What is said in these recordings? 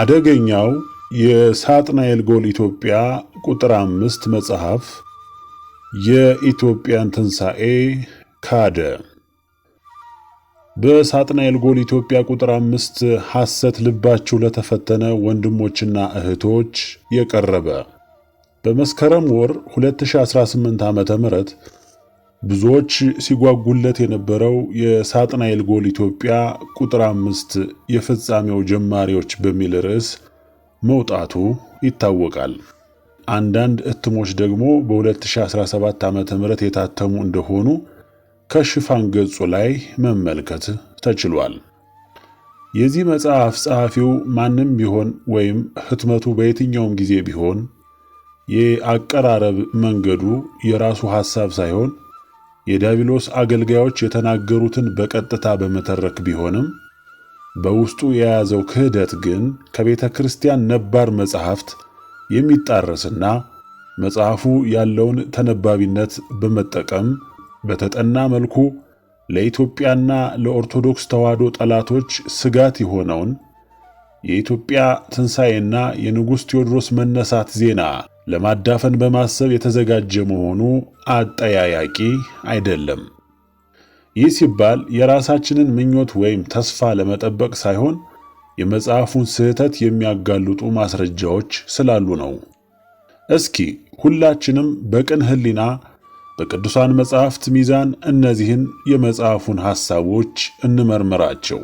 አደገኛው የሳጥናኤል ጎል ኢትዮጵያ ቁጥር አምስት መጽሐፍ የኢትዮጵያን ትንሣኤ ካደ። በሳጥናኤል ጎል ኢትዮጵያ ቁጥር አምስት ሐሰት ልባችሁ ለተፈተነ ወንድሞችና እህቶች የቀረበ በመስከረም ወር 2018 ም ብዙዎች ሲጓጉለት የነበረው የሳጥናኤል ጎል ኢትዮጵያ ቁጥር አምስት የፍጻሜው ጀማሪዎች በሚል ርዕስ መውጣቱ ይታወቃል። አንዳንድ እትሞች ደግሞ በ2017 ዓ.ም የታተሙ እንደሆኑ ከሽፋን ገጹ ላይ መመልከት ተችሏል። የዚህ መጽሐፍ ጸሐፊው ማንም ቢሆን ወይም ህትመቱ በየትኛውም ጊዜ ቢሆን የአቀራረብ መንገዱ የራሱ ሐሳብ ሳይሆን የዲያብሎስ አገልጋዮች የተናገሩትን በቀጥታ በመተረክ ቢሆንም በውስጡ የያዘው ክህደት ግን ከቤተ ክርስቲያን ነባር መጻሕፍት የሚጣረስና መጽሐፉ ያለውን ተነባቢነት በመጠቀም በተጠና መልኩ ለኢትዮጵያና ለኦርቶዶክስ ተዋሕዶ ጠላቶች ስጋት የሆነውን የኢትዮጵያ ትንሣኤና የንጉሥ ቴዎድሮስ መነሳት ዜና ለማዳፈን በማሰብ የተዘጋጀ መሆኑ አጠያያቂ አይደለም። ይህ ሲባል የራሳችንን ምኞት ወይም ተስፋ ለመጠበቅ ሳይሆን የመጽሐፉን ስህተት የሚያጋልጡ ማስረጃዎች ስላሉ ነው። እስኪ ሁላችንም በቅን ሕሊና በቅዱሳን መጻሕፍት ሚዛን እነዚህን የመጽሐፉን ሐሳቦች እንመርምራቸው።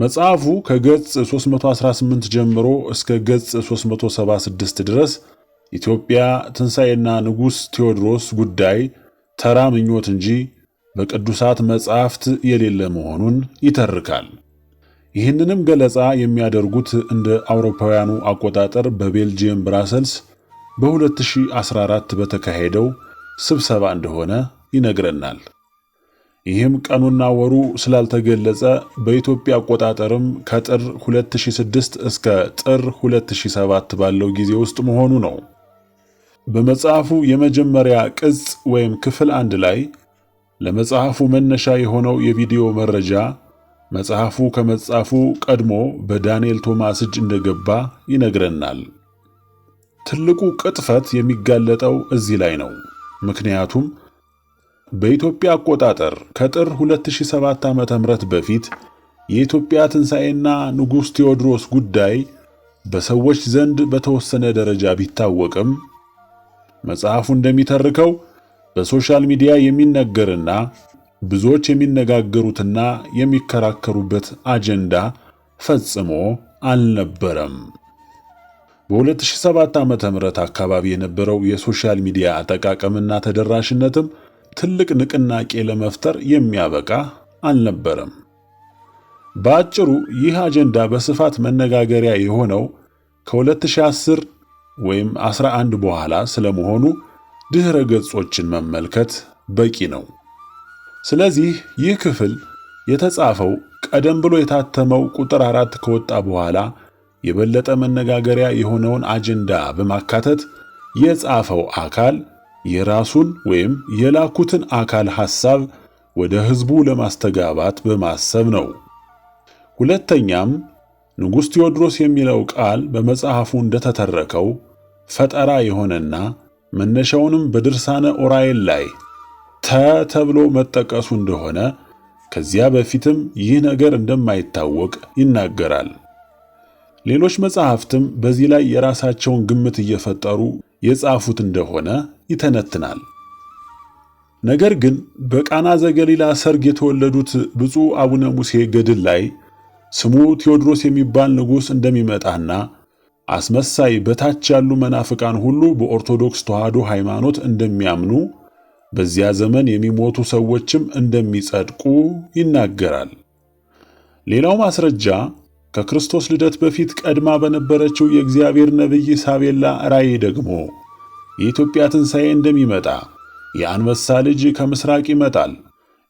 መጽሐፉ ከገጽ 318 ጀምሮ እስከ ገጽ 376 ድረስ ኢትዮጵያ ትንሣኤና ንጉሥ ቴዎድሮስ ጉዳይ ተራ ምኞት እንጂ በቅዱሳት መጻሕፍት የሌለ መሆኑን ይተርካል። ይህንንም ገለጻ የሚያደርጉት እንደ አውሮፓውያኑ አቆጣጠር በቤልጅየም ብራሰልስ በ2014 በተካሄደው ስብሰባ እንደሆነ ይነግረናል። ይህም ቀኑና ወሩ ስላልተገለጸ በኢትዮጵያ አቆጣጠርም ከጥር 2006 እስከ ጥር 2007 ባለው ጊዜ ውስጥ መሆኑ ነው። በመጽሐፉ የመጀመሪያ ቅጽ ወይም ክፍል አንድ ላይ ለመጽሐፉ መነሻ የሆነው የቪዲዮ መረጃ መጽሐፉ ከመጻፉ ቀድሞ በዳንኤል ቶማስ እጅ እንደገባ ይነግረናል። ትልቁ ቅጥፈት የሚጋለጠው እዚህ ላይ ነው። ምክንያቱም በኢትዮጵያ አቆጣጠር ከጥር 2007 ዓ.ም በፊት የኢትዮጵያ ትንሣኤና ንጉሥ ቴዎድሮስ ጉዳይ በሰዎች ዘንድ በተወሰነ ደረጃ ቢታወቅም መጽሐፉ እንደሚተርከው በሶሻል ሚዲያ የሚነገርና ብዙዎች የሚነጋገሩትና የሚከራከሩበት አጀንዳ ፈጽሞ አልነበረም። በ2007 ም አካባቢ የነበረው የሶሻል ሚዲያ አጠቃቀምና ተደራሽነትም ትልቅ ንቅናቄ ለመፍጠር የሚያበቃ አልነበረም። በአጭሩ ይህ አጀንዳ በስፋት መነጋገሪያ የሆነው ከ2010 ወይም 11 በኋላ ስለመሆኑ ድኅረ ገጾችን መመልከት በቂ ነው። ስለዚህ ይህ ክፍል የተጻፈው ቀደም ብሎ የታተመው ቁጥር አራት ከወጣ በኋላ የበለጠ መነጋገሪያ የሆነውን አጀንዳ በማካተት የጻፈው አካል የራሱን ወይም የላኩትን አካል ሐሳብ ወደ ሕዝቡ ለማስተጋባት በማሰብ ነው። ሁለተኛም ንጉሥ ቴዎድሮስ የሚለው ቃል በመጽሐፉ እንደተተረከው ፈጠራ የሆነና መነሻውንም በድርሳነ ኦራይል ላይ ተ ተብሎ መጠቀሱ እንደሆነ ከዚያ በፊትም ይህ ነገር እንደማይታወቅ ይናገራል። ሌሎች መጽሐፍትም በዚህ ላይ የራሳቸውን ግምት እየፈጠሩ የጻፉት እንደሆነ ይተነትናል። ነገር ግን በቃና ዘገሊላ ሰርግ የተወለዱት ብፁዕ አቡነ ሙሴ ገድል ላይ ስሙ ቴዎድሮስ የሚባል ንጉሥ እንደሚመጣና አስመሳይ በታች ያሉ መናፍቃን ሁሉ በኦርቶዶክስ ተዋሕዶ ሃይማኖት እንደሚያምኑ በዚያ ዘመን የሚሞቱ ሰዎችም እንደሚጸድቁ ይናገራል። ሌላው ማስረጃ ከክርስቶስ ልደት በፊት ቀድማ በነበረችው የእግዚአብሔር ነቢይ ሳቤላ ራእይ ደግሞ የኢትዮጵያ ትንሣኤ እንደሚመጣ የአንበሳ ልጅ ከምሥራቅ ይመጣል፣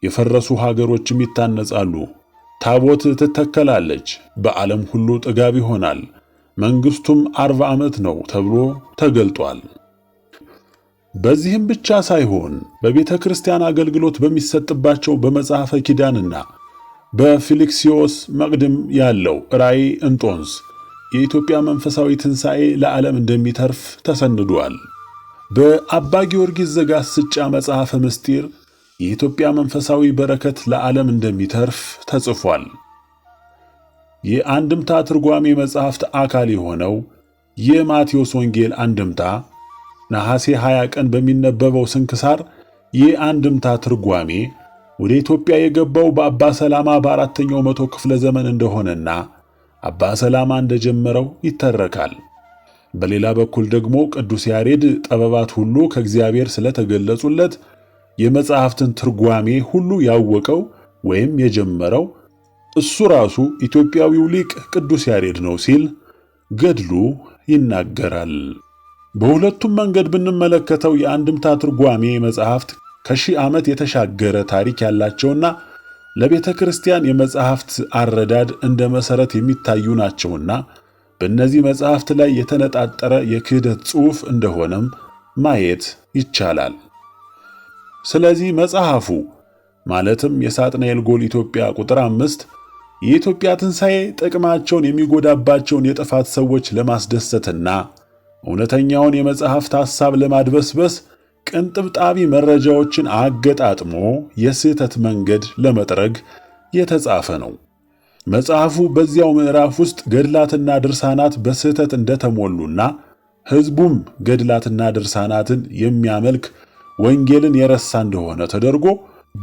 የፈረሱ ሀገሮችም ይታነጻሉ፣ ታቦት ትተከላለች፣ በዓለም ሁሉ ጥጋብ ይሆናል፣ መንግሥቱም አርባ ዓመት ነው ተብሎ ተገልጧል። በዚህም ብቻ ሳይሆን በቤተ ክርስቲያን አገልግሎት በሚሰጥባቸው በመጽሐፈ ኪዳንና በፊሊክሲዮስ መቅድም ያለው ራእይ እንጦንስ የኢትዮጵያ መንፈሳዊ ትንሣኤ ለዓለም እንደሚተርፍ ተሰንዷል። በአባ ጊዮርጊስ ዘጋስጫ መጽሐፈ ምስጢር የኢትዮጵያ መንፈሳዊ በረከት ለዓለም እንደሚተርፍ ተጽፏል። የአንድምታ ትርጓሜ መጽሐፍት አካል የሆነው የማቴዎስ ወንጌል አንድምታ ነሐሴ 20 ቀን በሚነበበው ስንክሳር የአንድምታ ትርጓሜ ወደ ኢትዮጵያ የገባው በአባ ሰላማ በአራተኛው መቶ ክፍለ ዘመን እንደሆነና አባ ሰላማ እንደጀመረው ይተረካል። በሌላ በኩል ደግሞ ቅዱስ ያሬድ ጥበባት ሁሉ ከእግዚአብሔር ስለተገለጹለት የመጽሐፍትን ትርጓሜ ሁሉ ያወቀው ወይም የጀመረው እሱ ራሱ ኢትዮጵያዊው ሊቅ ቅዱስ ያሬድ ነው ሲል ገድሉ ይናገራል። በሁለቱም መንገድ ብንመለከተው የአንድምታ ትርጓሜ መጽሐፍት ከሺህ ዓመት የተሻገረ ታሪክ ያላቸውና ለቤተ ክርስቲያን የመጽሐፍት አረዳድ እንደ መሠረት የሚታዩ ናቸውና በእነዚህ መጻሕፍት ላይ የተነጣጠረ የክህደት ጽሑፍ እንደሆነም ማየት ይቻላል። ስለዚህ መጽሐፉ ማለትም የሳጥናኤል ጎል ኢትዮጵያ ቁጥር አምስት የኢትዮጵያ ትንሣኤ ጥቅማቸውን የሚጎዳባቸውን የጥፋት ሰዎች ለማስደሰትና እውነተኛውን የመጽሐፍት ሐሳብ ለማድበስበስ ቅንጥብጣቢ መረጃዎችን አገጣጥሞ የስህተት መንገድ ለመጥረግ የተጻፈ ነው። መጽሐፉ በዚያው ምዕራፍ ውስጥ ገድላትና ድርሳናት በስህተት እንደተሞሉና ሕዝቡም ገድላትና ድርሳናትን የሚያመልክ ወንጌልን የረሳ እንደሆነ ተደርጎ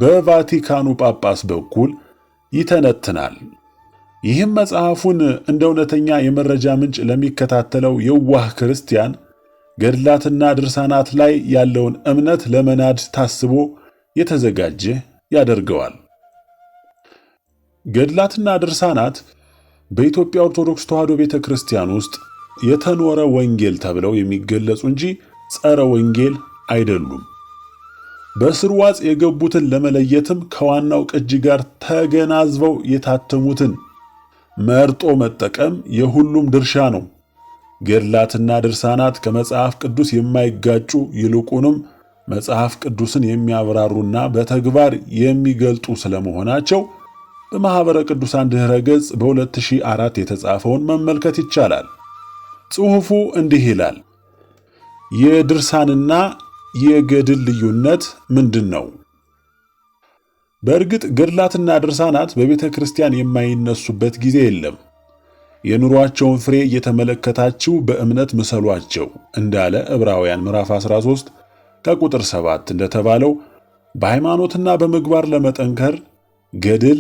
በቫቲካኑ ጳጳስ በኩል ይተነትናል። ይህም መጽሐፉን እንደ እውነተኛ የመረጃ ምንጭ ለሚከታተለው የዋህ ክርስቲያን ገድላትና ድርሳናት ላይ ያለውን እምነት ለመናድ ታስቦ የተዘጋጀ ያደርገዋል። ገድላትና ድርሳናት በኢትዮጵያ ኦርቶዶክስ ተዋሕዶ ቤተ ክርስቲያን ውስጥ የተኖረ ወንጌል ተብለው የሚገለጹ እንጂ ጸረ ወንጌል አይደሉም። በስርዋጽ የገቡትን ለመለየትም ከዋናው ቅጂ ጋር ተገናዝበው የታተሙትን መርጦ መጠቀም የሁሉም ድርሻ ነው። ገድላትና ድርሳናት ከመጽሐፍ ቅዱስ የማይጋጩ ይልቁንም መጽሐፍ ቅዱስን የሚያብራሩና በተግባር የሚገልጡ ስለመሆናቸው በማኅበረ ቅዱሳን ድኅረ ገጽ በ2004 የተጻፈውን መመልከት ይቻላል። ጽሑፉ እንዲህ ይላል። የድርሳንና የገድል ልዩነት ምንድን ነው? በእርግጥ ገድላትና ድርሳናት በቤተ ክርስቲያን የማይነሱበት ጊዜ የለም። የኑሯቸውን ፍሬ እየተመለከታችሁ በእምነት ምሰሏቸው እንዳለ ዕብራውያን ምዕራፍ 13 ከቁጥር 7 እንደተባለው በሃይማኖትና በምግባር ለመጠንከር ገድል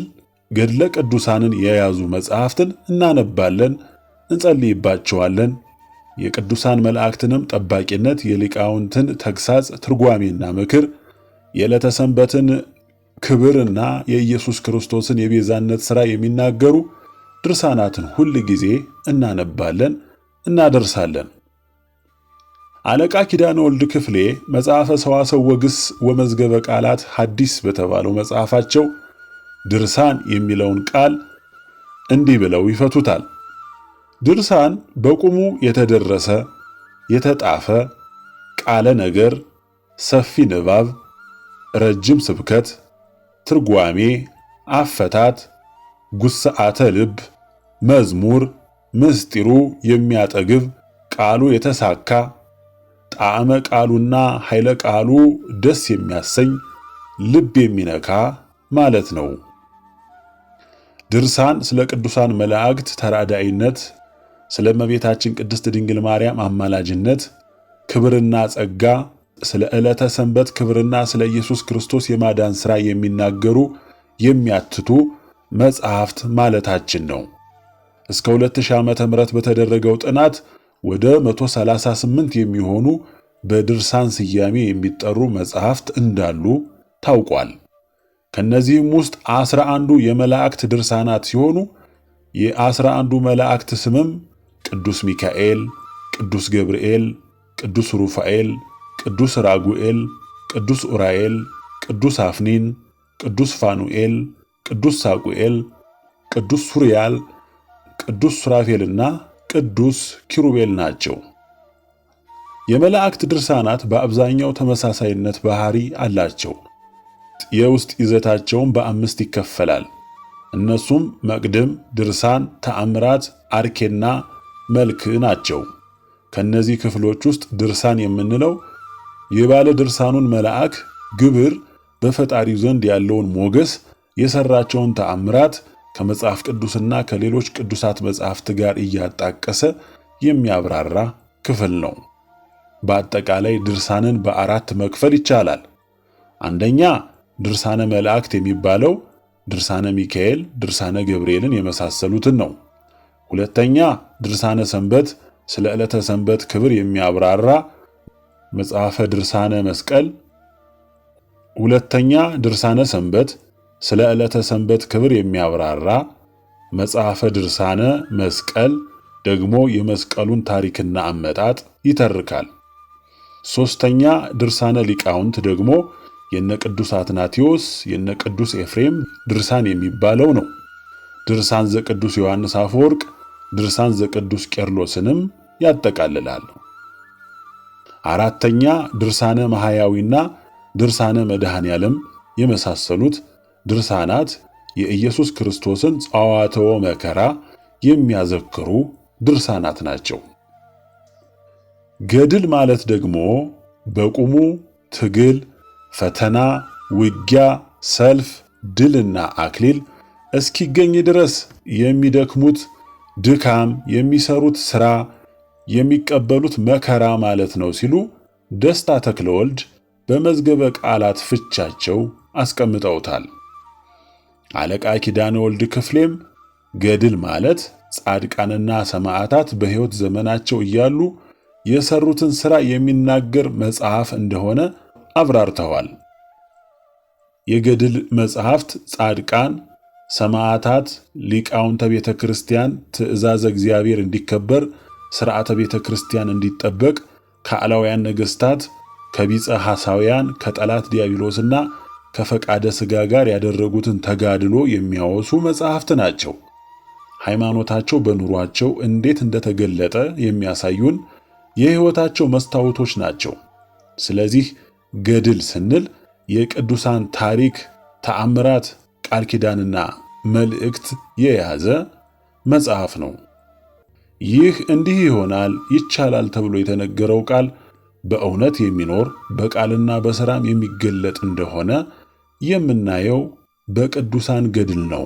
ገድለ ቅዱሳንን የያዙ መጽሐፍትን እናነባለን፣ እንጸልይባቸዋለን። የቅዱሳን መላእክትንም ጠባቂነት፣ የሊቃውንትን ተግሳጽ ትርጓሜና ምክር፣ የዕለተ ሰንበትን ክብርና የኢየሱስ ክርስቶስን የቤዛነት ሥራ የሚናገሩ ድርሳናትን ሁል ጊዜ እናነባለን፣ እናደርሳለን። አለቃ ኪዳነ ወልድ ክፍሌ መጽሐፈ ሰዋሰው ወግስ ወመዝገበ ቃላት ሐዲስ በተባለው መጽሐፋቸው ድርሳን የሚለውን ቃል እንዲህ ብለው ይፈቱታል። ድርሳን በቁሙ የተደረሰ የተጣፈ ቃለ ነገር፣ ሰፊ ንባብ፣ ረጅም ስብከት፣ ትርጓሜ፣ አፈታት፣ ጉስዓተ ልብ፣ መዝሙር፣ ምስጢሩ የሚያጠግብ ቃሉ የተሳካ ጣዕመ ቃሉና ኃይለ ቃሉ ደስ የሚያሰኝ ልብ የሚነካ ማለት ነው። ድርሳን ስለ ቅዱሳን መላእክት ተራዳኢነት፣ ስለ እመቤታችን ቅድስት ድንግል ማርያም አማላጅነት ክብርና ጸጋ፣ ስለ ዕለተ ሰንበት ክብርና ስለ ኢየሱስ ክርስቶስ የማዳን ሥራ የሚናገሩ የሚያትቱ መጽሐፍት ማለታችን ነው። እስከ 2000 ዓመተ ምህረት በተደረገው ጥናት ወደ 138 የሚሆኑ በድርሳን ስያሜ የሚጠሩ መጽሐፍት እንዳሉ ታውቋል። ከነዚህም ውስጥ አስራ አንዱ የመላእክት ድርሳናት ሲሆኑ የአስራ አንዱ መላእክት ስምም ቅዱስ ሚካኤል፣ ቅዱስ ገብርኤል፣ ቅዱስ ሩፋኤል፣ ቅዱስ ራጉኤል፣ ቅዱስ ኡራኤል፣ ቅዱስ አፍኒን፣ ቅዱስ ፋኑኤል፣ ቅዱስ ሳቁኤል፣ ቅዱስ ሱርያል፣ ቅዱስ ሱራፌልና ቅዱስ ኪሩቤል ናቸው። የመላእክት ድርሳናት በአብዛኛው ተመሳሳይነት ባህሪ አላቸው። የውስጥ ይዘታቸውን በአምስት ይከፈላል። እነሱም መቅድም፣ ድርሳን፣ ተአምራት፣ አርኬና መልክ ናቸው። ከነዚህ ክፍሎች ውስጥ ድርሳን የምንለው የባለ ድርሳኑን መልአክ ግብር በፈጣሪው ዘንድ ያለውን ሞገስ፣ የሰራቸውን ተአምራት ከመጽሐፍ ቅዱስና ከሌሎች ቅዱሳት መጽሐፍት ጋር እያጣቀሰ የሚያብራራ ክፍል ነው። በአጠቃላይ ድርሳንን በአራት መክፈል ይቻላል። አንደኛ ድርሳነ መላእክት የሚባለው ድርሳነ ሚካኤል፣ ድርሳነ ገብርኤልን የመሳሰሉትን ነው። ሁለተኛ ድርሳነ ሰንበት ስለ ዕለተ ሰንበት ክብር የሚያብራራ መጽሐፈ ድርሳነ መስቀል። ሁለተኛ ድርሳነ ሰንበት ስለ ዕለተ ሰንበት ክብር የሚያብራራ መጽሐፈ ድርሳነ መስቀል ደግሞ የመስቀሉን ታሪክና አመጣጥ ይተርካል። ሦስተኛ ድርሳነ ሊቃውንት ደግሞ የነ ቅዱስ አትናቴዎስ የነ ቅዱስ ኤፍሬም ድርሳን የሚባለው ነው። ድርሳን ዘቅዱስ ዮሐንስ አፈወርቅ፣ ድርሳን ዘቅዱስ ቄርሎስንም ያጠቃልላል። አራተኛ ድርሳነ ማህያዊና ድርሳነ መድኃኔ ዓለም የመሳሰሉት ድርሳናት የኢየሱስ ክርስቶስን ጸዋትወ መከራ የሚያዘክሩ ድርሳናት ናቸው። ገድል ማለት ደግሞ በቁሙ ትግል ፈተና፣ ውጊያ፣ ሰልፍ፣ ድልና አክሊል እስኪገኝ ድረስ የሚደክሙት ድካም፣ የሚሰሩት ሥራ፣ የሚቀበሉት መከራ ማለት ነው ሲሉ ደስታ ተክለወልድ በመዝገበ ቃላት ፍቻቸው አስቀምጠውታል። አለቃ ኪዳነ ወልድ ክፍሌም ገድል ማለት ጻድቃንና ሰማዕታት በሕይወት ዘመናቸው እያሉ የሰሩትን ሥራ የሚናገር መጽሐፍ እንደሆነ አብራርተዋል። የገድል መጽሐፍት ጻድቃን፣ ሰማዕታት፣ ሊቃውንተ ቤተ ክርስቲያን ትእዛዘ እግዚአብሔር እንዲከበር፣ ሥርዓተ ቤተ ክርስቲያን እንዲጠበቅ ከአላውያን ነገሥታት ከቢፀ ሐሳውያን ከጠላት ዲያብሎስና ከፈቃደ ሥጋ ጋር ያደረጉትን ተጋድሎ የሚያወሱ መጽሐፍት ናቸው። ሃይማኖታቸው በኑሯቸው እንዴት እንደተገለጠ የሚያሳዩን የሕይወታቸው መስታወቶች ናቸው። ስለዚህ ገድል ስንል የቅዱሳን ታሪክ፣ ተአምራት፣ ቃል ኪዳንና መልእክት የያዘ መጽሐፍ ነው። ይህ እንዲህ ይሆናል ይቻላል ተብሎ የተነገረው ቃል በእውነት የሚኖር በቃልና በሥራም የሚገለጥ እንደሆነ የምናየው በቅዱሳን ገድል ነው።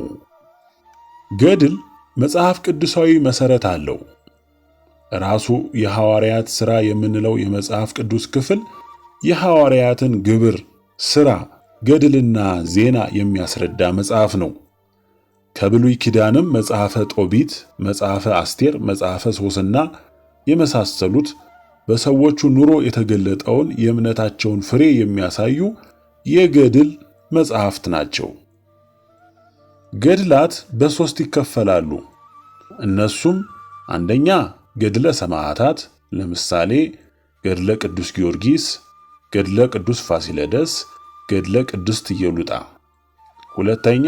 ገድል መጽሐፍ ቅዱሳዊ መሠረት አለው። ራሱ የሐዋርያት ሥራ የምንለው የመጽሐፍ ቅዱስ ክፍል የሐዋርያትን ግብር፣ ሥራ፣ ገድልና ዜና የሚያስረዳ መጽሐፍ ነው። ከብሉይ ኪዳንም መጽሐፈ ጦቢት፣ መጽሐፈ አስቴር፣ መጽሐፈ ሶስና የመሳሰሉት በሰዎቹ ኑሮ የተገለጠውን የእምነታቸውን ፍሬ የሚያሳዩ የገድል መጽሐፍት ናቸው። ገድላት በሦስት ይከፈላሉ። እነሱም አንደኛ ገድለ ሰማዕታት፣ ለምሳሌ ገድለ ቅዱስ ጊዮርጊስ ገድለ ቅዱስ ፋሲለደስ፣ ገድለ ቅዱስ ትየሉጣ። ሁለተኛ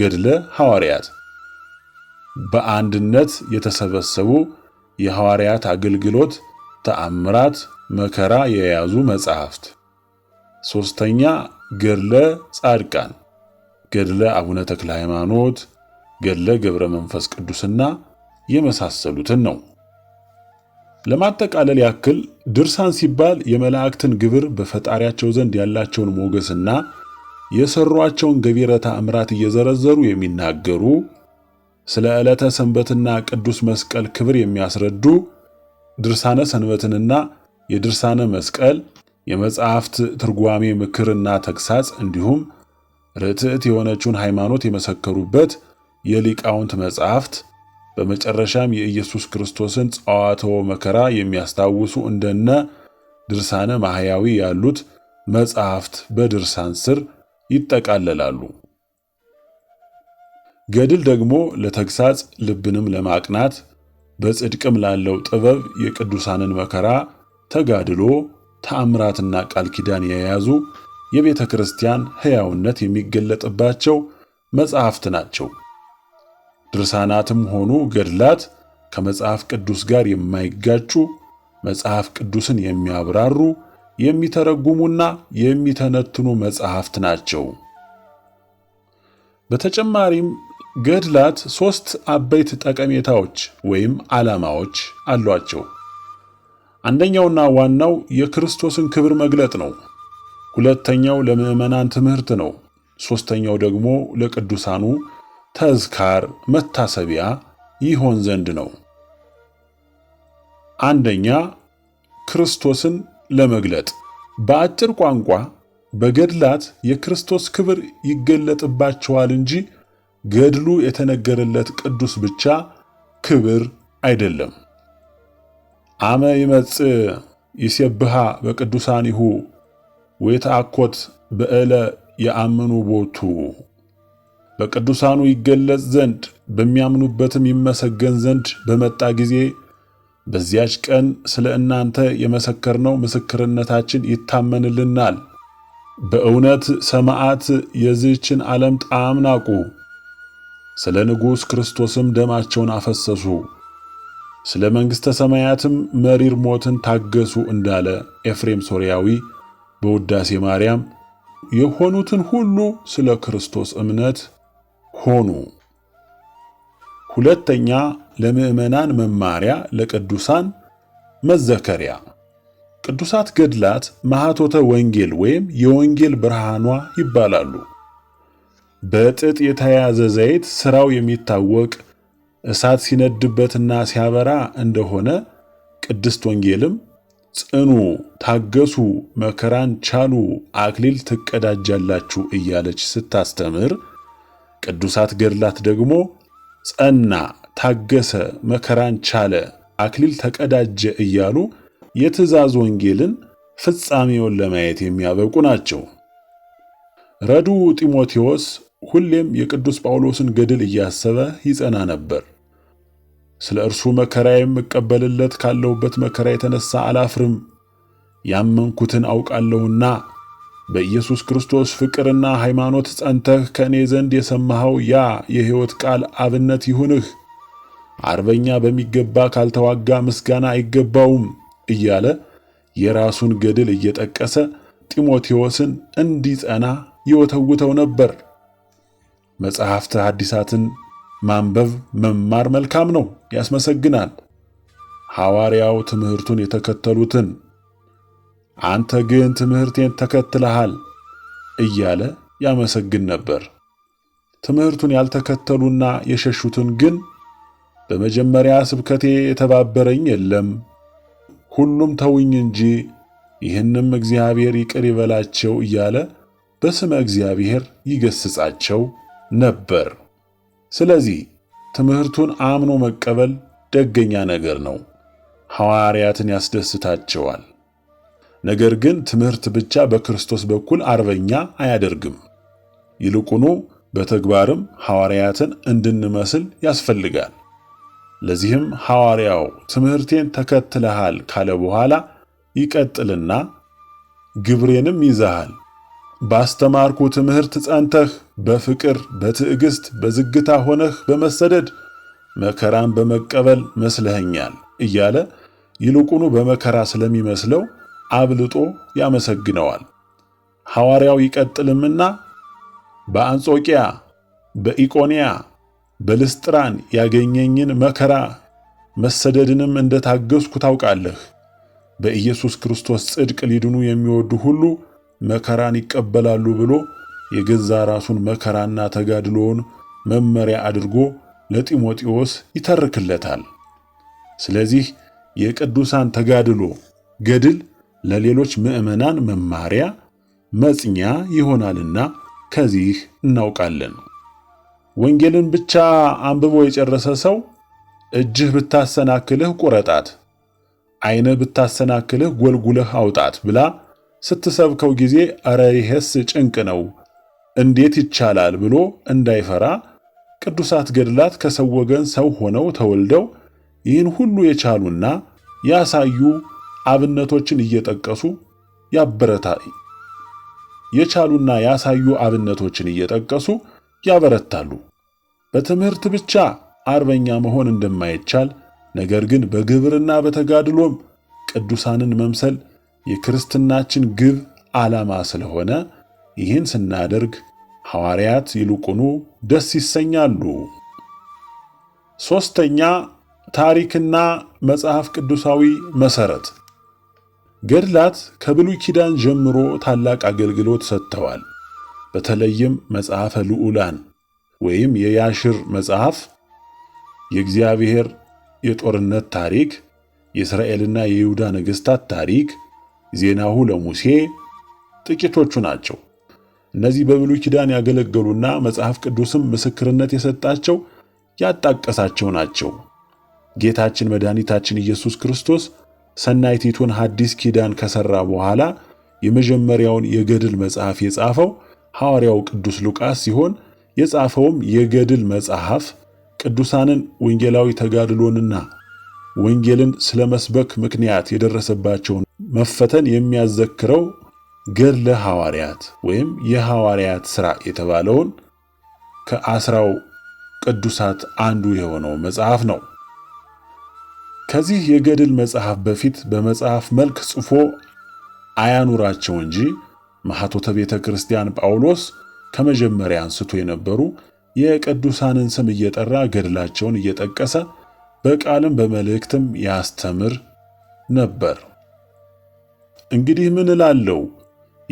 ገድለ ሐዋርያት በአንድነት የተሰበሰቡ የሐዋርያት አገልግሎት፣ ተአምራት፣ መከራ የያዙ መጻሕፍት። ሦስተኛ ገድለ ጻድቃን ገድለ አቡነ ተክለ ሃይማኖት፣ ገድለ ገብረ መንፈስ ቅዱስና የመሳሰሉትን ነው። ለማጠቃለል ያክል ድርሳን ሲባል የመላእክትን ግብር በፈጣሪያቸው ዘንድ ያላቸውን ሞገስና የሰሯቸውን ገቢረ ተአምራት እየዘረዘሩ የሚናገሩ ስለ ዕለተ ሰንበትና ቅዱስ መስቀል ክብር የሚያስረዱ ድርሳነ ሰንበትንና የድርሳነ መስቀል የመጽሐፍት ትርጓሜ ምክርና ተግሳጽ እንዲሁም ርትዕት የሆነችውን ሃይማኖት የመሰከሩበት የሊቃውንት መጽሐፍት በመጨረሻም የኢየሱስ ክርስቶስን ጸዋትወ መከራ የሚያስታውሱ እንደነ ድርሳነ ማህያዊ ያሉት መጽሐፍት በድርሳን ስር ይጠቃለላሉ። ገድል ደግሞ ለተግሳጽ ልብንም ለማቅናት በጽድቅም ላለው ጥበብ የቅዱሳንን መከራ ተጋድሎ፣ ተአምራትና ቃል ኪዳን የያዙ የቤተ ክርስቲያን ሕያውነት የሚገለጥባቸው መጽሐፍት ናቸው። ድርሳናትም ሆኑ ገድላት ከመጽሐፍ ቅዱስ ጋር የማይጋጩ መጽሐፍ ቅዱስን የሚያብራሩ የሚተረጉሙና የሚተነትኑ መጽሐፍት ናቸው። በተጨማሪም ገድላት ሦስት አበይት ጠቀሜታዎች ወይም ዓላማዎች አሏቸው። አንደኛውና ዋናው የክርስቶስን ክብር መግለጥ ነው። ሁለተኛው ለምዕመናን ትምህርት ነው። ሦስተኛው ደግሞ ለቅዱሳኑ ተዝካር መታሰቢያ ይሆን ዘንድ ነው። አንደኛ ክርስቶስን ለመግለጥ በአጭር ቋንቋ በገድላት የክርስቶስ ክብር ይገለጥባቸዋል እንጂ ገድሉ የተነገረለት ቅዱስ ብቻ ክብር አይደለም። አመ ይመጽእ ይሴብሃ በቅዱሳኒሁ ወይተአኰት በእለ የአምኑ ቦቱ በቅዱሳኑ ይገለጽ ዘንድ በሚያምኑበትም ይመሰገን ዘንድ በመጣ ጊዜ በዚያች ቀን ስለ እናንተ የመሰከርነው ምስክርነታችን ይታመንልናል። በእውነት ሰማዕት የዚህችን ዓለም ጣዕም ናቁ፣ ስለ ንጉሥ ክርስቶስም ደማቸውን አፈሰሱ፣ ስለ መንግሥተ ሰማያትም መሪር ሞትን ታገሱ እንዳለ ኤፍሬም ሶርያዊ በውዳሴ ማርያም የሆኑትን ሁሉ ስለ ክርስቶስ እምነት ሆኑ። ሁለተኛ ለምዕመናን መማሪያ፣ ለቅዱሳን መዘከሪያ። ቅዱሳት ገድላት ማኅቶተ ወንጌል ወይም የወንጌል ብርሃኗ ይባላሉ። በጥጥ የተያዘ ዘይት ሥራው የሚታወቅ እሳት ሲነድበትና ሲያበራ እንደሆነ ቅድስት ወንጌልም ጽኑ፣ ታገሱ፣ መከራን ቻሉ፣ አክሊል ትቀዳጃላችሁ እያለች ስታስተምር ቅዱሳት ገድላት ደግሞ ጸና፣ ታገሰ፣ መከራን ቻለ፣ አክሊል ተቀዳጀ እያሉ የትእዛዝ ወንጌልን ፍጻሜውን ለማየት የሚያበቁ ናቸው። ረዱ ጢሞቴዎስ ሁሌም የቅዱስ ጳውሎስን ገድል እያሰበ ይጸና ነበር። ስለ እርሱ መከራ የምቀበልለት ካለውበት መከራ የተነሳ አላፍርም፣ ያመንኩትን አውቃለሁና በኢየሱስ ክርስቶስ ፍቅርና ሃይማኖት ጸንተህ ከእኔ ዘንድ የሰማኸው ያ የሕይወት ቃል አብነት ይሁንህ። አርበኛ በሚገባ ካልተዋጋ ምስጋና አይገባውም እያለ የራሱን ገድል እየጠቀሰ ጢሞቴዎስን እንዲጸና ይወተውተው ነበር። መጽሐፍተ ሐዲሳትን ማንበብ መማር መልካም ነው፣ ያስመሰግናል። ሐዋርያው ትምህርቱን የተከተሉትን አንተ ግን ትምህርቴን ተከትለሃል እያለ ያመሰግን ነበር። ትምህርቱን ያልተከተሉና የሸሹትን ግን በመጀመሪያ ስብከቴ የተባበረኝ የለም፣ ሁሉም ተውኝ እንጂ ይህንም እግዚአብሔር ይቅር ይበላቸው እያለ በስመ እግዚአብሔር ይገስጻቸው ነበር። ስለዚህ ትምህርቱን አምኖ መቀበል ደገኛ ነገር ነው፣ ሐዋርያትን ያስደስታቸዋል። ነገር ግን ትምህርት ብቻ በክርስቶስ በኩል አርበኛ አያደርግም። ይልቁኑ በተግባርም ሐዋርያትን እንድንመስል ያስፈልጋል። ለዚህም ሐዋርያው ትምህርቴን ተከትለሃል ካለ በኋላ ይቀጥልና ግብሬንም ይዘሃል፣ ባስተማርኩ ትምህርት ጸንተህ በፍቅር በትዕግሥት በዝግታ ሆነህ በመሰደድ መከራን በመቀበል መስለኸኛል እያለ ይልቁኑ በመከራ ስለሚመስለው አብልጦ ያመሰግነዋል። ሐዋርያው ይቀጥልምና በአንጾቂያ፣ በኢቆንያ፣ በልስጥራን ያገኘኝን መከራ መሰደድንም እንደታገስኩ ታውቃለህ። በኢየሱስ ክርስቶስ ጽድቅ ሊድኑ የሚወዱ ሁሉ መከራን ይቀበላሉ ብሎ የገዛ ራሱን መከራና ተጋድሎውን መመሪያ አድርጎ ለጢሞቴዎስ ይተርክለታል። ስለዚህ የቅዱሳን ተጋድሎ ገድል ለሌሎች ምዕመናን መማሪያ መጽኛ ይሆናልና ከዚህ እናውቃለን። ወንጌልን ብቻ አንብቦ የጨረሰ ሰው እጅህ ብታሰናክልህ ቁረጣት፣ ዓይንህ ብታሰናክልህ ጎልጉለህ አውጣት ብላ ስትሰብከው ጊዜ እረ ይሄስ ጭንቅ ነው እንዴት ይቻላል ብሎ እንዳይፈራ ቅዱሳት ገድላት ከሰው ወገን ሰው ሆነው ተወልደው ይህን ሁሉ የቻሉና ያሳዩ አብነቶችን እየጠቀሱ ያበረታ የቻሉና ያሳዩ አብነቶችን እየጠቀሱ ያበረታሉ። በትምህርት ብቻ አርበኛ መሆን እንደማይቻል ነገር ግን በግብርና በተጋድሎም ቅዱሳንን መምሰል የክርስትናችን ግብ ዓላማ ስለሆነ ይህን ስናደርግ ሐዋርያት ይልቁኑ ደስ ይሰኛሉ። ሦስተኛ ታሪክና መጽሐፍ ቅዱሳዊ መሠረት ገድላት ከብሉይ ኪዳን ጀምሮ ታላቅ አገልግሎት ሰጥተዋል። በተለይም መጽሐፈ ልዑላን ወይም የያሽር መጽሐፍ፣ የእግዚአብሔር የጦርነት ታሪክ፣ የእስራኤልና የይሁዳ ነገሥታት ታሪክ፣ ዜናሁ ለሙሴ ጥቂቶቹ ናቸው። እነዚህ በብሉይ ኪዳን ያገለገሉና መጽሐፍ ቅዱስም ምስክርነት የሰጣቸው ያጣቀሳቸው ናቸው። ጌታችን መድኃኒታችን ኢየሱስ ክርስቶስ ሰናይቲቱን ሐዲስ ኪዳን ከሠራ በኋላ የመጀመሪያውን የገድል መጽሐፍ የጻፈው ሐዋርያው ቅዱስ ሉቃስ ሲሆን የጻፈውም የገድል መጽሐፍ ቅዱሳንን ወንጌላዊ ተጋድሎንና ወንጌልን ስለ መስበክ ምክንያት የደረሰባቸውን መፈተን የሚያዘክረው ገድለ ሐዋርያት ወይም የሐዋርያት ሥራ የተባለውን ከአስራው ቅዱሳት አንዱ የሆነው መጽሐፍ ነው። ከዚህ የገድል መጽሐፍ በፊት በመጽሐፍ መልክ ጽፎ አያኑራቸው እንጂ ማኅቶተ ቤተ ክርስቲያን ጳውሎስ ከመጀመሪያ አንስቶ የነበሩ የቅዱሳንን ስም እየጠራ ገድላቸውን እየጠቀሰ በቃልም በመልእክትም ያስተምር ነበር። እንግዲህ ምን እላለሁ?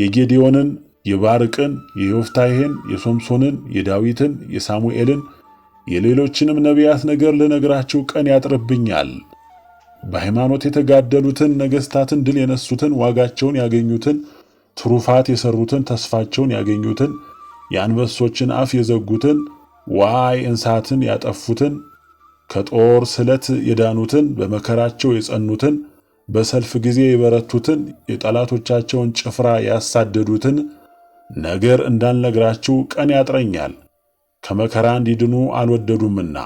የጌዴዮንን፣ የባርቅን፣ የዮፍታሔን፣ የሶምሶንን፣ የዳዊትን፣ የሳሙኤልን፣ የሌሎችንም ነቢያት ነገር ልነግራችሁ ቀን ያጥርብኛል። በሃይማኖት የተጋደሉትን ነገስታትን ድል የነሱትን ዋጋቸውን ያገኙትን ትሩፋት የሰሩትን ተስፋቸውን ያገኙትን የአንበሶችን አፍ የዘጉትን ዋይ እንስሳትን ያጠፉትን ከጦር ስለት የዳኑትን በመከራቸው የጸኑትን በሰልፍ ጊዜ የበረቱትን የጠላቶቻቸውን ጭፍራ ያሳደዱትን ነገር እንዳልነግራችሁ ቀን ያጥረኛል። ከመከራ እንዲድኑ አልወደዱምና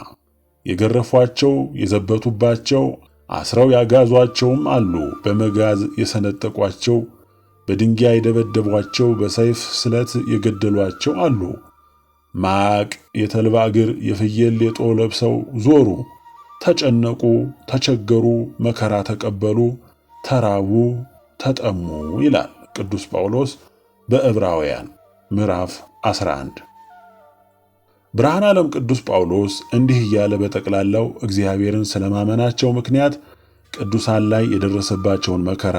የገረፏቸው፣ የዘበቱባቸው፣ አስረው ያጋዟቸውም አሉ። በመጋዝ የሰነጠቋቸው፣ በድንጋይ የደበደቧቸው፣ በሰይፍ ስለት የገደሏቸው አሉ። ማቅ፣ የተልባ እግር፣ የፍየል ሌጦ ለብሰው ዞሩ። ተጨነቁ፣ ተቸገሩ፣ መከራ ተቀበሉ፣ ተራቡ፣ ተጠሙ ይላል ቅዱስ ጳውሎስ በዕብራውያን ምዕራፍ 11 ብርሃን ዓለም ቅዱስ ጳውሎስ እንዲህ እያለ በጠቅላላው እግዚአብሔርን ስለማመናቸው ምክንያት ቅዱሳን ላይ የደረሰባቸውን መከራ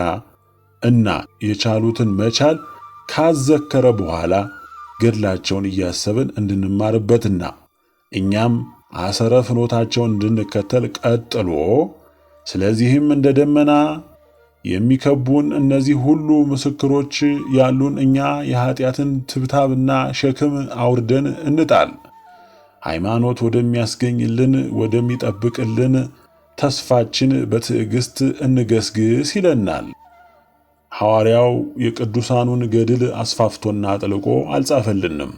እና የቻሉትን መቻል ካዘከረ በኋላ ገድላቸውን እያሰብን እንድንማርበትና እኛም አሰረ ፍኖታቸውን እንድንከተል ቀጥሎ ስለዚህም እንደ ደመና የሚከቡን እነዚህ ሁሉ ምስክሮች ያሉን እኛ የኃጢአትን ትብታብና ሸክም አውርደን እንጣል። ሃይማኖት ወደሚያስገኝልን ወደሚጠብቅልን ተስፋችን በትዕግሥት እንገስግስ ይለናል። ሐዋርያው የቅዱሳኑን ገድል አስፋፍቶና አጥልቆ አልጻፈልንም።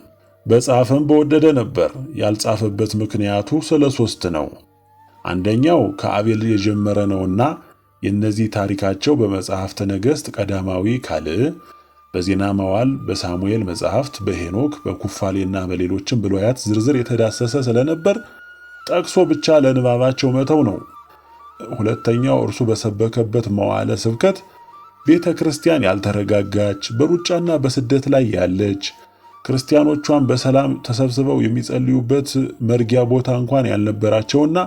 በጻፈም በወደደ ነበር። ያልጻፈበት ምክንያቱ ስለ ሦስት ነው። አንደኛው ከአቤል የጀመረ ነውና የእነዚህ ታሪካቸው በመጽሐፍተ ነገሥት ቀዳማዊ ካልዕ በዜና መዋዕል፣ በሳሙኤል መጽሐፍት፣ በሄኖክ በኩፋሌና በሌሎችም ብሉያት ዝርዝር የተዳሰሰ ስለነበር ጠቅሶ ብቻ ለንባባቸው መተው ነው። ሁለተኛው እርሱ በሰበከበት መዋዕለ ስብከት ቤተ ክርስቲያን ያልተረጋጋች፣ በሩጫና በስደት ላይ ያለች፣ ክርስቲያኖቿን በሰላም ተሰብስበው የሚጸልዩበት መርጊያ ቦታ እንኳን ያልነበራቸውና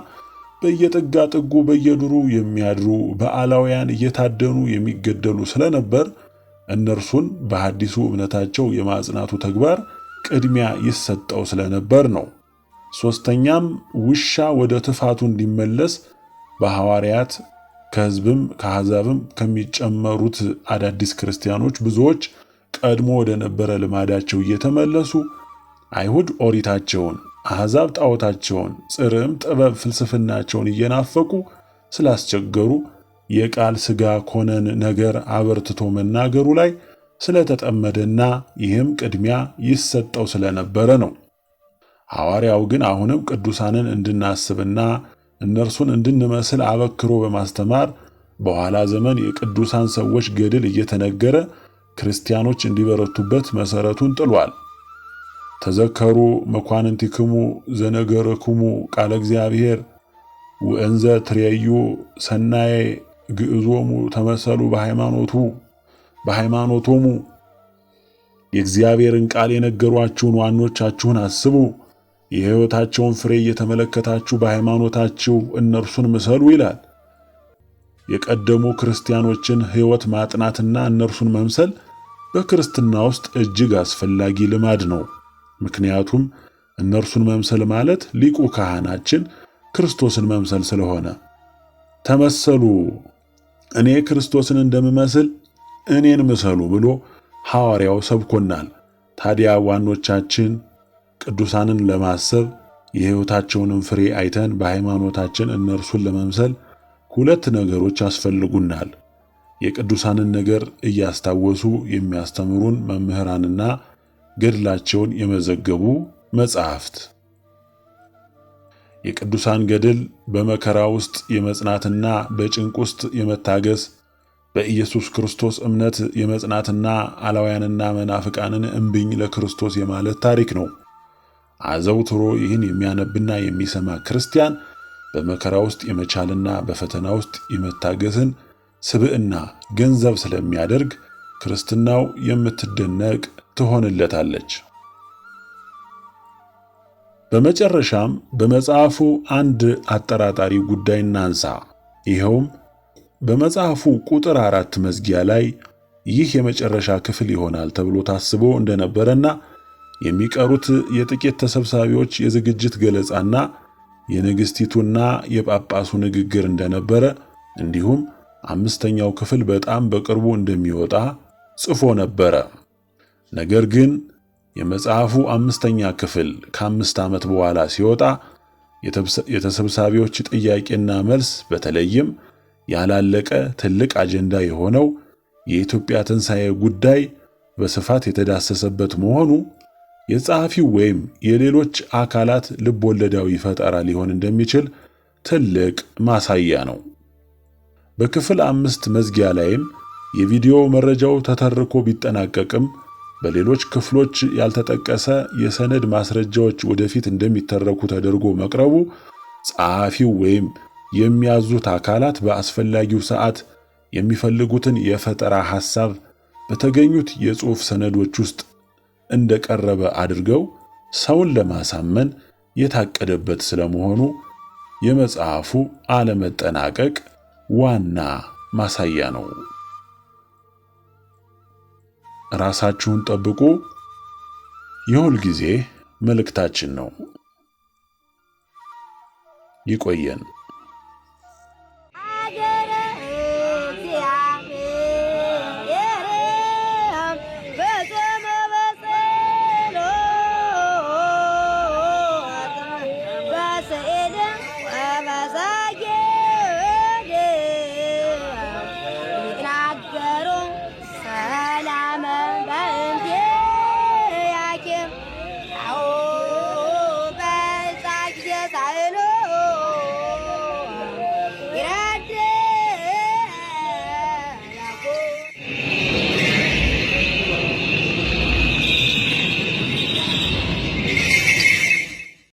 በየጥጋ ጥጉ በየዱሩ የሚያድሩ በአላውያን እየታደኑ የሚገደሉ ስለነበር እነርሱን በአዲሱ እምነታቸው የማጽናቱ ተግባር ቅድሚያ ይሰጠው ስለነበር ነው። ሦስተኛም ውሻ ወደ ትፋቱ እንዲመለስ በሐዋርያት ከሕዝብም ከአሕዛብም ከሚጨመሩት አዳዲስ ክርስቲያኖች ብዙዎች ቀድሞ ወደ ነበረ ልማዳቸው እየተመለሱ አይሁድ ኦሪታቸውን፣ አሕዛብ ጣዖታቸውን፣ ጽርዕም ጥበብ ፍልስፍናቸውን እየናፈቁ ስላስቸገሩ የቃል ሥጋ ኮነን ነገር አበርትቶ መናገሩ ላይ ስለተጠመደና ይህም ቅድሚያ ይሰጠው ስለነበረ ነው። ሐዋርያው ግን አሁንም ቅዱሳንን እንድናስብና እነርሱን እንድንመስል አበክሮ በማስተማር በኋላ ዘመን የቅዱሳን ሰዎች ገድል እየተነገረ ክርስቲያኖች እንዲበረቱበት መሰረቱን ጥሏል። ተዘከሩ መኳንንቲክሙ ዘነገረክሙ ቃለ እግዚአብሔር ወእንዘ ትሬዩ ሰናዬ ግዕዞሙ ተመሰሉ በሃይማኖቱ በሃይማኖቶሙ የእግዚአብሔርን ቃል የነገሯችሁን ዋኖቻችሁን አስቡ። የሕይወታቸውን ፍሬ እየተመለከታችሁ በሃይማኖታችሁ እነርሱን ምሰሉ ይላል። የቀደሙ ክርስቲያኖችን ሕይወት ማጥናትና እነርሱን መምሰል በክርስትና ውስጥ እጅግ አስፈላጊ ልማድ ነው። ምክንያቱም እነርሱን መምሰል ማለት ሊቁ ካህናችን ክርስቶስን መምሰል ስለሆነ ተመሰሉ እኔ ክርስቶስን እንደምመስል እኔን ምሰሉ ብሎ ሐዋርያው ሰብኮናል። ታዲያ ዋኖቻችን ቅዱሳንን ለማሰብ የሕይወታቸውንም ፍሬ አይተን በሃይማኖታችን እነርሱን ለመምሰል ሁለት ነገሮች ያስፈልጉናል። የቅዱሳንን ነገር እያስታወሱ የሚያስተምሩን መምህራንና ገድላቸውን የመዘገቡ መጻሕፍት የቅዱሳን ገድል በመከራ ውስጥ የመጽናትና በጭንቅ ውስጥ የመታገስ በኢየሱስ ክርስቶስ እምነት የመጽናትና አላውያንና መናፍቃንን እምቢኝ ለክርስቶስ የማለት ታሪክ ነው። አዘውትሮ ይህን የሚያነብና የሚሰማ ክርስቲያን በመከራ ውስጥ የመቻልና በፈተና ውስጥ የመታገስን ስብዕና ገንዘብ ስለሚያደርግ ክርስትናው የምትደነቅ ትሆንለታለች። በመጨረሻም በመጽሐፉ አንድ አጠራጣሪ ጉዳይ እናንሳ። ይኸውም በመጽሐፉ ቁጥር አራት መዝጊያ ላይ ይህ የመጨረሻ ክፍል ይሆናል ተብሎ ታስቦ እንደነበረና የሚቀሩት የጥቂት ተሰብሳቢዎች የዝግጅት ገለጻና የንግሥቲቱና የጳጳሱ ንግግር እንደነበረ እንዲሁም አምስተኛው ክፍል በጣም በቅርቡ እንደሚወጣ ጽፎ ነበረ። ነገር ግን የመጽሐፉ አምስተኛ ክፍል ከአምስት ዓመት በኋላ ሲወጣ የተሰብሳቢዎች ጥያቄና መልስ በተለይም ያላለቀ ትልቅ አጀንዳ የሆነው የኢትዮጵያ ትንሣኤ ጉዳይ በስፋት የተዳሰሰበት መሆኑ የጸሐፊው ወይም የሌሎች አካላት ወለዳዊ ፈጠራ ሊሆን እንደሚችል ትልቅ ማሳያ ነው። በክፍል አምስት መዝጊያ ላይም የቪዲዮ መረጃው ተተርኮ ቢጠናቀቅም በሌሎች ክፍሎች ያልተጠቀሰ የሰነድ ማስረጃዎች ወደፊት እንደሚተረኩ ተደርጎ መቅረቡ ጸሐፊው ወይም የሚያዙት አካላት በአስፈላጊው ሰዓት የሚፈልጉትን የፈጠራ ሐሳብ በተገኙት የጽሑፍ ሰነዶች ውስጥ እንደቀረበ አድርገው ሰውን ለማሳመን የታቀደበት ስለመሆኑ የመጽሐፉ አለመጠናቀቅ ዋና ማሳያ ነው። ራሳችሁን ጠብቁ የሁል ጊዜ መልእክታችን ነው። ይቆየን።